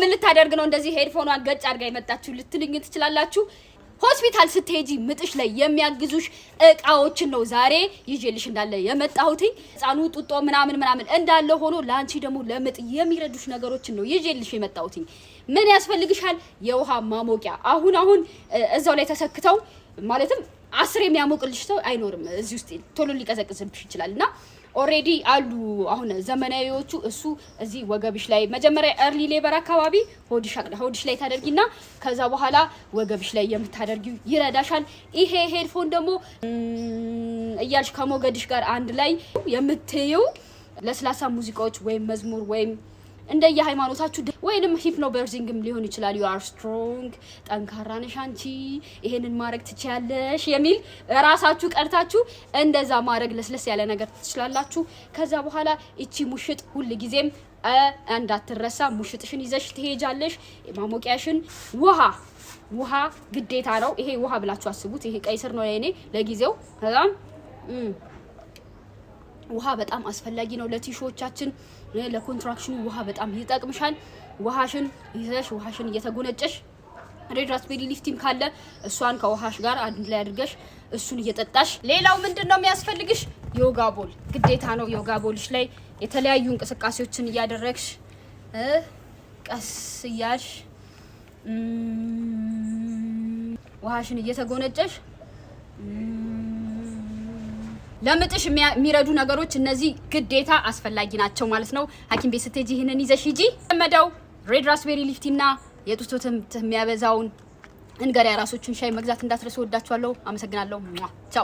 ምን ልታደርግ ነው እንደዚህ ሄድፎኗን ገጭ አድርጋ የመጣችሁ ልትልኝ ትችላላችሁ። ሆስፒታል ስትሄጂ ምጥሽ ላይ የሚያግዙሽ እቃዎችን ነው ዛሬ ይዤልሽ እንዳለ የመጣሁት ህፃኑ ጡጦ ምናምን ምናምን እንዳለ ሆኖ ለአንቺ ደግሞ ለምጥ የሚረዱሽ ነገሮችን ነው ይዤልሽ የመጣሁት። ምን ያስፈልግሻል? የውሃ ማሞቂያ። አሁን አሁን እዛው ላይ ተሰክተው ማለትም አስር የሚያሞቅልሽ ሰው አይኖርም እዚህ ውስጥ ቶሎ ሊቀዘቅዝብሽ ይችላል እና ኦሬዲ አሉ። አሁን ዘመናዊዎቹ እሱ እዚህ ወገብሽ ላይ መጀመሪያ ኤርሊ ሌበር አካባቢ ሆድሽ ላይ ታደርጊና ከዛ በኋላ ወገብሽ ላይ የምታደርጊው ይረዳሻል። ይሄ ሄድፎን ደግሞ እያልሽ ከሞገድሽ ጋር አንድ ላይ የምትይው ለስላሳ ሙዚቃዎች ወይም መዝሙር ወይም እንደየ ሃይማኖታችሁ ወይንም ሂፕኖ በርዚንግም ሊሆን ይችላል። ዩ አር ስትሮንግ ጠንካራ ነሽ አንቺ ይሄንን ማድረግ ትችያለሽ የሚል ራሳችሁ ቀርታችሁ እንደዛ ማድረግ ለስለስ ያለ ነገር ትችላላችሁ። ከዛ በኋላ እቺ ሙሽጥ ሁል ጊዜም እንዳትረሳ ሙሽጥሽን ይዘሽ ትሄጃለሽ። ማሞቂያሽን ውሃ ውሃ ግዴታ ነው። ይሄ ውሃ ብላችሁ አስቡት። ይሄ ቀይ ስር ነው ለእኔ ለጊዜው በጣም ውሃ በጣም አስፈላጊ ነው ለቲሾዎቻችን፣ ለኮንትራክሽኑ ውሃ በጣም ይጠቅምሻል። ውሃሽን ይዘሽ ውሃሽን እየተጎነጨሽ ሬድ ራስቤሪ ሊፍቲም ካለ እሷን ከውሃሽ ጋር አንድ ላይ አድርገሽ እሱን እየጠጣሽ። ሌላው ምንድን ነው የሚያስፈልግሽ? ዮጋ ቦል ግዴታ ነው። ዮጋ ቦልሽ ላይ የተለያዩ እንቅስቃሴዎችን እያደረግሽ ቀስ እያልሽ ውሃሽን እየተጎነጨሽ ለምጥሽ የሚረዱ ነገሮች እነዚህ ግዴታ አስፈላጊ ናቸው ማለት ነው። ሐኪም ቤት ስትሄጂ ይህንን ይዘሽ ሂጂ። ተመደው ሬድ ራስቤሪ ሊፍቲ እና የጡት ወተት የሚያበዛውን እንገሪያ ራሶችን ሻይ መግዛት እንዳትረሱ። ወዳችኋለሁ። አመሰግናለሁ። ቻው